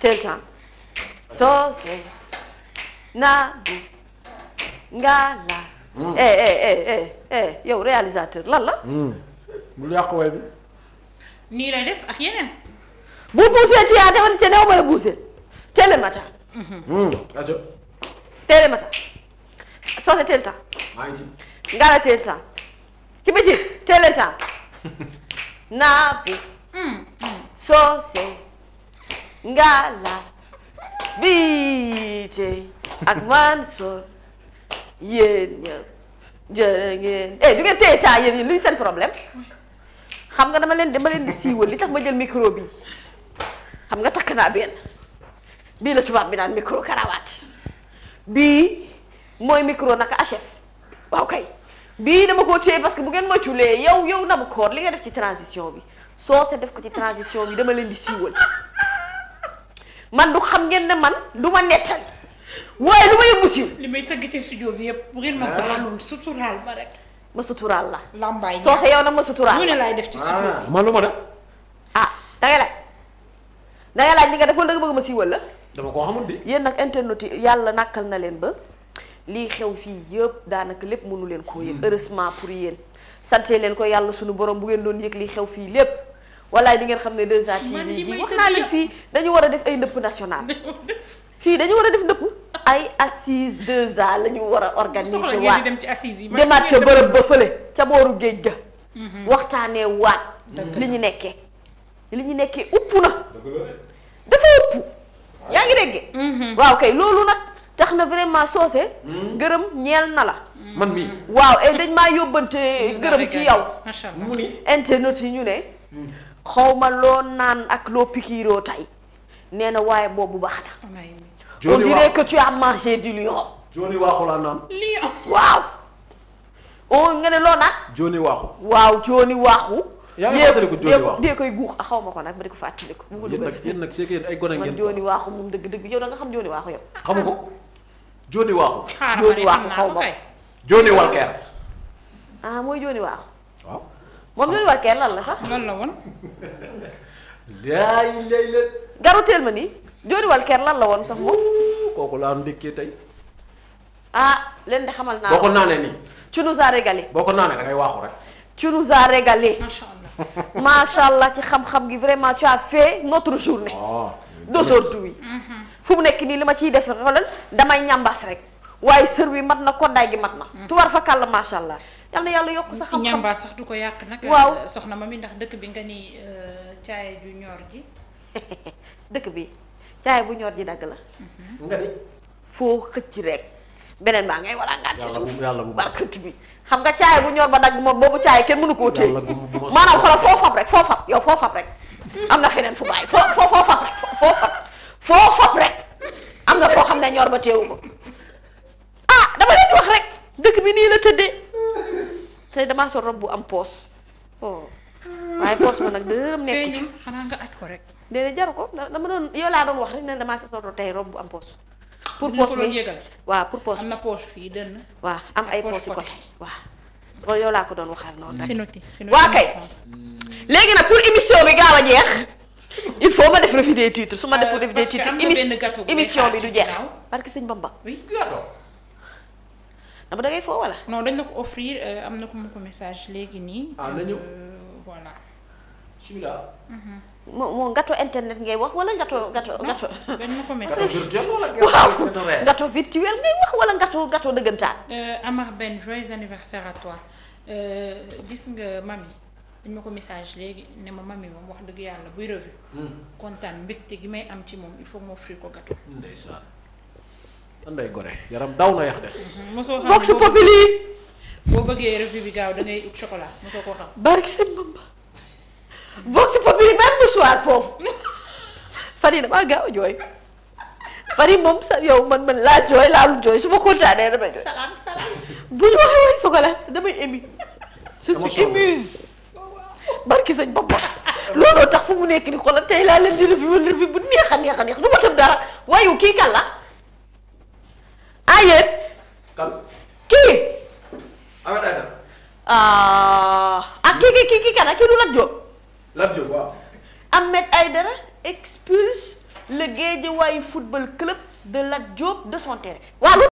teel time soo see naa bu mm. eh, eh eh eh eh yow réalisateur lan la mm. bul yàq way bi nii lay def ak yeneen bu buusee ci yaa defar ci new ma la buusee teel matin mm. teel matin soo see teel time ngaa la teel time ci biti teel time naa Ngalla BJ ak Mansour yéen ñëpp jërë ngeen eh du ngeen téye caa yéen ñi luy seen problème xam nga dama leen dama leen di siiwal li tax ma jël micro bi xam nga takk naa benn bii la tubaab bi naan micro karawaat bii mooy micro naka HF waaw kay bii dama koo téye parce que bu ngeen moytuwulee yow yow Nabou Cor li nga def ci transition bi soo se def ko ci transition bi dama leen di siiwal. man du xam ngeen ne man du ma nettali waaye lu ma yëg si li may tëgg ci studio bi yëpp bu ngeen ma baalul ah. suturaal ba rek. ma suturaal la. lambaay soo sa yow nag ma suturaal. ñu laay def ci studio bi. Ah. ma lu ma def. ah da ngay nga def da nga ma siiwal la. dama koo xamul bi. yéen nag internet yi yàlla nakkal na leen ba lii xew fii yëpp daanaka lépp mënu leen koo yëg. Hmm. heureusement pour yéen sante leen ko yàlla sunu borom bu ngeen doon yëg lii xew fii lépp. walaay di ngeen xam ne 2A TV gi wax naa leen fii dañu war a def ay ndëpp national fii dañu war a def ndëpp ay assise 2A la ñu war a organiser waat demaat ca bërëb ba fële ca booru géej ga mhm. waxtaanee waat li ñu nekkee li ñu nekkee upp na dafa upp yaa ngi dégg mhm. waaw kay loolu nag tax na vraiment soose mhm. gërëm ñeel na la man mii waaw eh, dañ maa yóbbante gërëm ci yow mu ni internet yi ñu ne xaw ma loo naan ak loo pikiiroo tey nee na waaye boobu baax na. on dirait que tu as mangé du lion. Johnny waaxu laa naan. lion waaw. oo oh, nga ne loo naan. Johnny waaxu. waaw Johnny waaxu. yaa ngi fàttaliku Johnny waaxu dee koy ma ko nag ba di ko mu ngi dugal yéen nag yéen ay gone ngeen man Johnny waaxu moom dëgg-dëgg nga xam Johnny waaxu yow. xamu ko Johnny waaxu. xaaral ma ne xaw ma ko Johnny walker. ah mooy Johnny waaxu moom li mu war kee lan la sax. lan la woon. yaa ngi lay leen. ma nii. jooni wal keer lan la woon sax moom. kooku laa am tey. ah leen de xamal naa. boo ko naanee nii. tu nous as régalé. boo ko naanee da waaxu rek. tu nous as allah ci xam-xam gi vraiment tu as fait notre journée. waaw oh, d'aujourd'hui. Mhm. fu mu nekk nii li ma ciy def xoolal damay ñambas rek waaye sër wi mat na koddaay gi mat na. Mhm. tu war fa kàll macha allah. yal yàlla yokk sax xam-xam sax du ko yàq nag. waaw soxna ma mi ndax dëkk bi nga ni euh, caay ju ñor ji. dëkk bi caay bu ñor ji dagg la. Mhm. nga ni foo xëcc rek beneen baa ngay wala ngaa ci suuf yàlla bu barkatu bi xam nga caay bu ñor ba dagg moom boobu caay kenn mënu koo téye maanaam xoolal foo fab rek foo fab yow foo fab rek am na feneen fu bàyyi foo am na foo xam ne ñor ba teewu ko ah dama leen wax rek dëkk bi nii la tëddee. tey damaa sol robe bu am poos oh waaye poos ma nag dërëm nekk ci xanaa nga aj ko rek jaru ko dama doon yow laa doon wax rek ne damaa sa sol tey robe bu am poos pour poos bi waa pour poos am na poos fii dënn waaw am ay poos ci côté waaw loolu oh, yow laa ko doon waxal noonu rek waa kay léegi nag pour émission bi gaaw a jeex il faut ma def revue des titres su ma def revue des titres émission bi du jeex parce que Bamba dama ah, da foo wala. dañ la ko offrir euh, am na ko ma ko message léegi nii. ah nañu euh, voilà. bismillah. moo mhm. moo gâteau internet ngay wax wala gâteau gâteau gâteau. dañ ma ko ngay wax wala gâteau gâteau dëggantaan. Euh, Amar benn joyeux anniversaire à toi gis nga mami dañ ma ko message léegi ne ma mami moom wax dëgg yàlla buy revue hmm. kontaan mbégte gi may am ci moom il faut ma offrir ko gâteau. lan lay gore yaram daw na yax des. Mhm, mosoo xam vox populi. boo bëggee revue bi gaaw da ngay ut chocolat mosoo koo xam. barki seen bamba vox populi ba am soir foofu a jooy man man laa jooy laalu jooy ma kontaanee damay jooy. salaam salaam. bu ñu waxee chocolat damay ému. je suis émuse. barki sëñ Bamba looloo tax fu mu nekk ni xoolal tey laa leen di revue revue bu neex a neex a neex du ma tëb dara waaye kii kan la ah yéen. kan kii. Ahmed Aïdara. ah kii kii kii kii kan kii du Lat Diop. Ahmed Aïdara expulse le Guédiawaye football club de Lat de son terrain waaw.